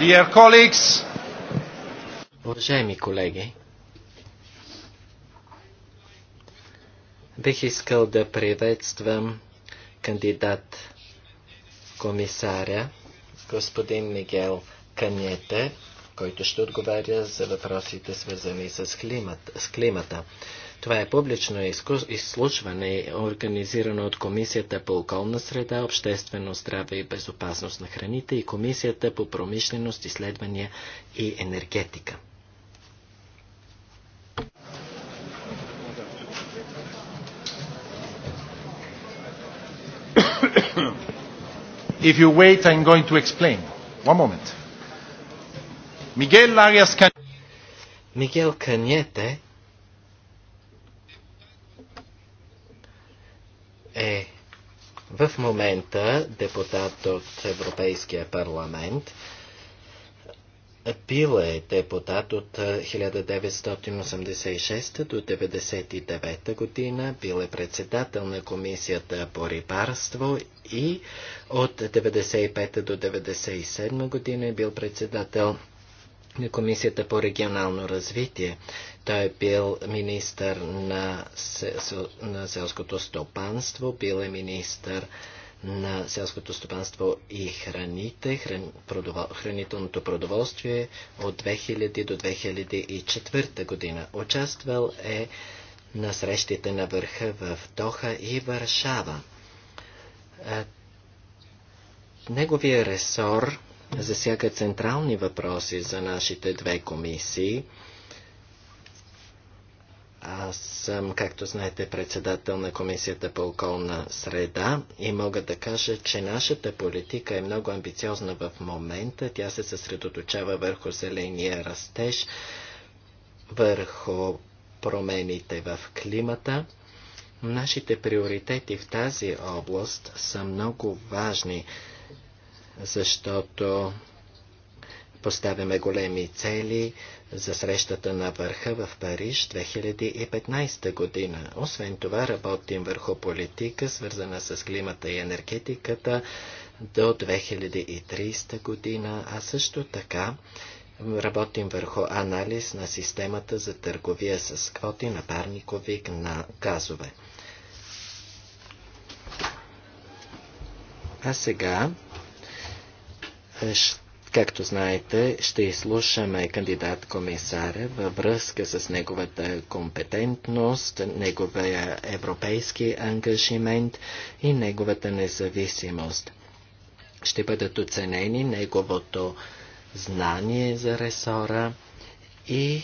Dear colleagues, Уважаеми колеги, бих искал да приветствам кандидат комисаря господин Мигел Каньете, който ще отговаря за въпросите свързани с климата. С климата. Това е публично изслушване, организирано от Комисията по околна среда, обществено здраве и безопасност на храните и Комисията по промишленост, изследвания и енергетика. If you wait, I'm going to explain. One moment. Miguel Arias Can... Miguel е в момента депутат от Европейския парламент. Бил е депутат от 1986 до 1999 година, бил е председател на Комисията по рибарство и от 1995 до 1997 година е бил председател на Комисията по регионално развитие. Той е бил министър на, сел, на селското стопанство, бил е министър на селското стопанство и храните, хран, продовол, хранителното продоволствие от 2000 до 2004 година. Участвал е на срещите на върха в Доха и Варшава. Е, неговия ресор засяга централни въпроси за нашите две комисии. Аз съм, както знаете, председател на Комисията по околна среда и мога да кажа, че нашата политика е много амбициозна в момента. Тя се съсредоточава върху зеления растеж, върху промените в климата. Нашите приоритети в тази област са много важни защото поставяме големи цели за срещата на върха в Париж 2015 година. Освен това работим върху политика, свързана с климата и енергетиката до 2030 година, а също така работим върху анализ на системата за търговия с квоти на парникови на газове. А сега Както знаете, ще изслушаме кандидат-комисаря във връзка с неговата компетентност, неговия европейски ангажимент и неговата независимост. Ще бъдат оценени неговото знание за ресора и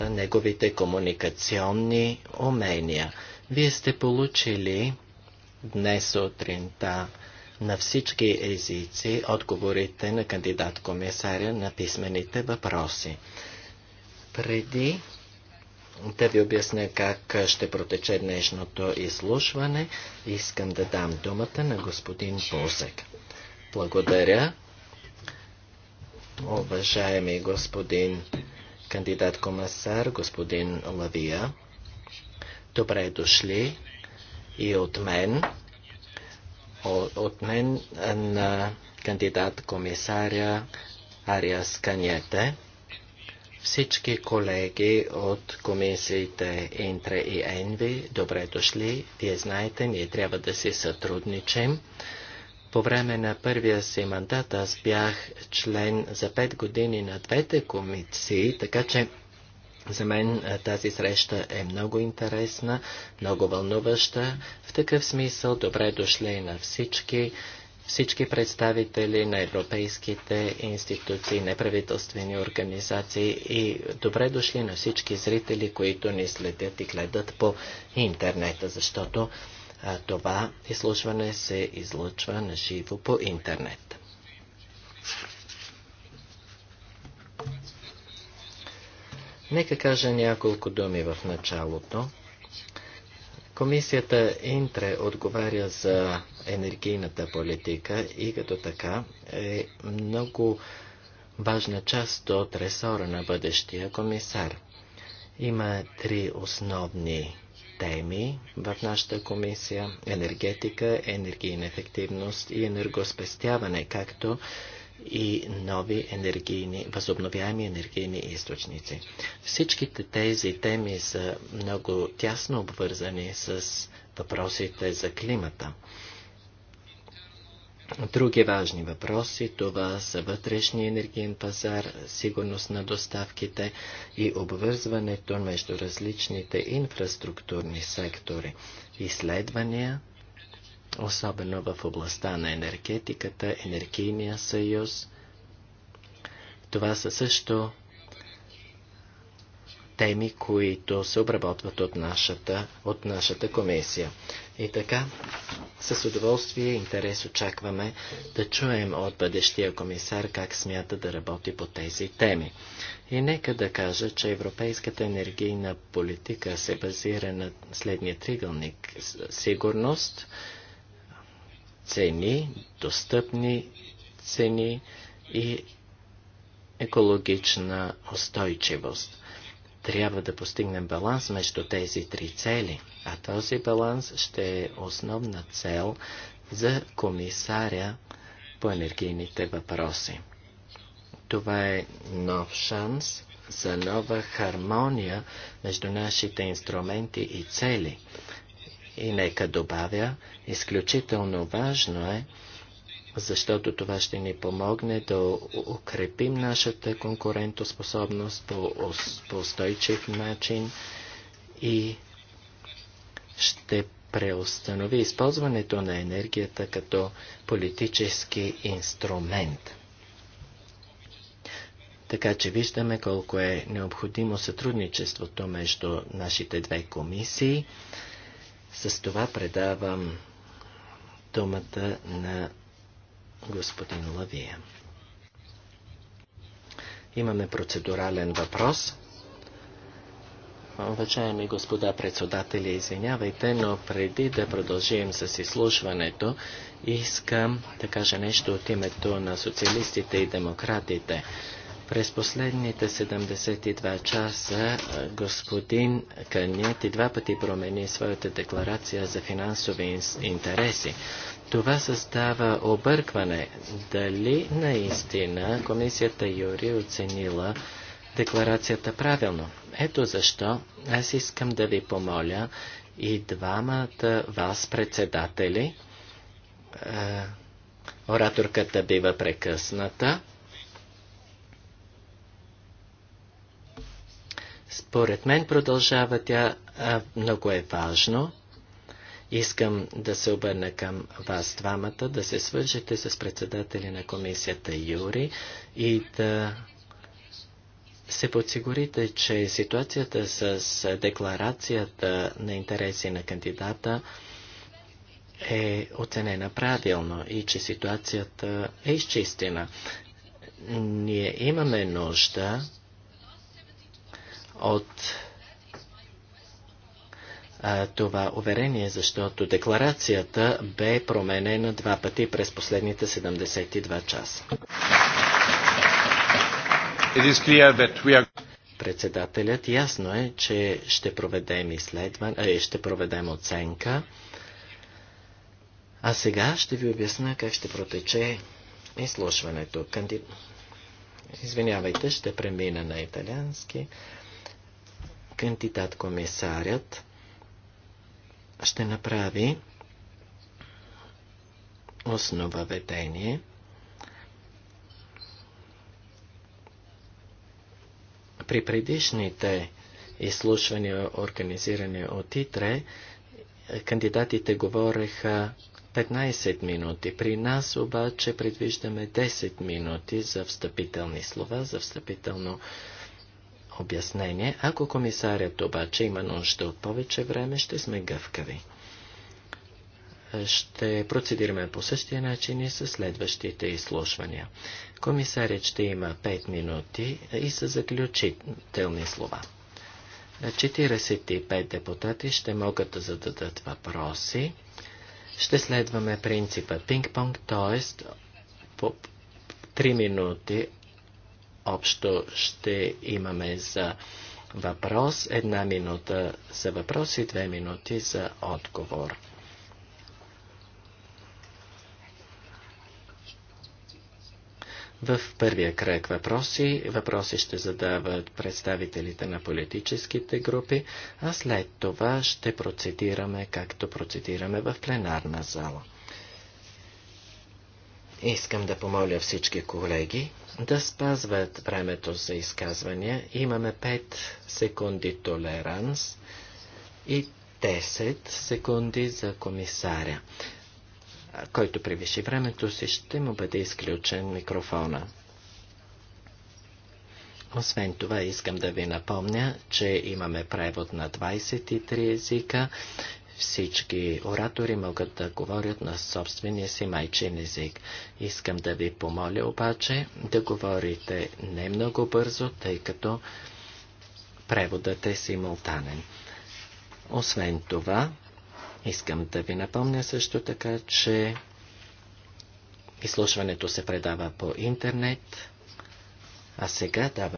неговите комуникационни умения. Вие сте получили днес сутринта на всички езици отговорите на кандидат-комисаря на писмените въпроси. Преди да ви обясня как ще протече днешното изслушване, искам да дам думата на господин Бузек. Благодаря, уважаеми господин кандидат-комисар, господин Лавия. Добре дошли и от мен от мен на кандидат комисаря Ариас Каньете. Всички колеги от комисиите Интре и Енви, добре дошли. Вие знаете, ние трябва да си сътрудничим. По време на първия си мандат аз бях член за 5 години на двете комисии, така че за мен тази среща е много интересна, много вълнуваща. В такъв смисъл добре дошли на всички, всички представители на европейските институции, неправителствени организации и добре дошли на всички зрители, които ни следят и гледат по интернета, защото а, това изслушване се излучва на живо по интернет. Нека кажа няколко думи в началото. Комисията Интре отговаря за енергийната политика и като така е много важна част от ресора на бъдещия комисар. Има три основни теми в нашата комисия – енергетика, енергийна ефективност и енергоспестяване, както и нови енергийни, възобновяеми енергийни източници. Всичките тези теми са много тясно обвързани с въпросите за климата. Други важни въпроси това са вътрешния енергиен пазар, сигурност на доставките и обвързването между различните инфраструктурни сектори, изследвания, особено в областта на енергетиката, енергийния съюз. Това са също теми, които се обработват от нашата, от нашата комисия. И така, с удоволствие и интерес очакваме да чуем от бъдещия комисар как смята да работи по тези теми. И нека да кажа, че европейската енергийна политика се базира на следния тригълник – сигурност – цени, достъпни цени и екологична устойчивост. Трябва да постигнем баланс между тези три цели, а този баланс ще е основна цел за комисаря по енергийните въпроси. Това е нов шанс за нова хармония между нашите инструменти и цели. И нека добавя, изключително важно е, защото това ще ни помогне да укрепим нашата конкурентоспособност по, по устойчив начин и ще преустанови използването на енергията като политически инструмент. Така че виждаме колко е необходимо сътрудничеството между нашите две комисии. С това предавам думата на господин Лавия. Имаме процедурален въпрос. Уважаеми господа председатели, извинявайте, но преди да продължим с изслушването, искам да кажа нещо от името на социалистите и демократите. През последните 72 часа господин Канети два пъти промени своята декларация за финансови интереси. Това създава объркване дали наистина комисията Юри оценила декларацията правилно. Ето защо аз искам да ви помоля и двамата вас председатели. ораторката бива прекъсната Според мен продължава тя, а, много е важно. Искам да се обърна към вас двамата, да се свържете с председатели на комисията Юри и да се подсигурите, че ситуацията с декларацията на интереси на кандидата е оценена правилно и че ситуацията е изчистена. Ние имаме нужда от а, това уверение, защото декларацията бе променена два пъти през последните 72 часа. Председателят ясно е, че ще проведем изследване, а, ще проведем оценка. А сега ще ви обясня как ще протече изслушването. Канди... Извинявайте, ще премина на италиански кандидат-комисарят ще направи основа ведение. при предишните изслушвания, организирани от ИТРЕ, кандидатите говореха 15 минути. При нас обаче предвиждаме 10 минути за встъпителни слова, за встъпително обяснение. Ако комисарят обаче има нужда от повече време, ще сме гъвкави. Ще процедираме по същия начин и със следващите изслушвания. Комисарят ще има 5 минути и са заключителни слова. 45 депутати ще могат да зададат въпроси. Ще следваме принципа пинг-понг, т.е. по 3 минути общо ще имаме за въпрос, една минута за въпрос и две минути за отговор. В първия кръг въпроси, въпроси ще задават представителите на политическите групи, а след това ще процедираме както процедираме в пленарна зала. Искам да помоля всички колеги да спазват времето за изказвания. Имаме 5 секунди толеранс и 10 секунди за комисаря. Който превиши времето си, ще му бъде изключен микрофона. Освен това, искам да ви напомня, че имаме превод на 23 езика всички оратори могат да говорят на собствения си майчин език. Искам да ви помоля обаче да говорите не много бързо, тъй като преводът е симултанен. Освен това, искам да ви напомня също така, че изслушването се предава по интернет, а сега дава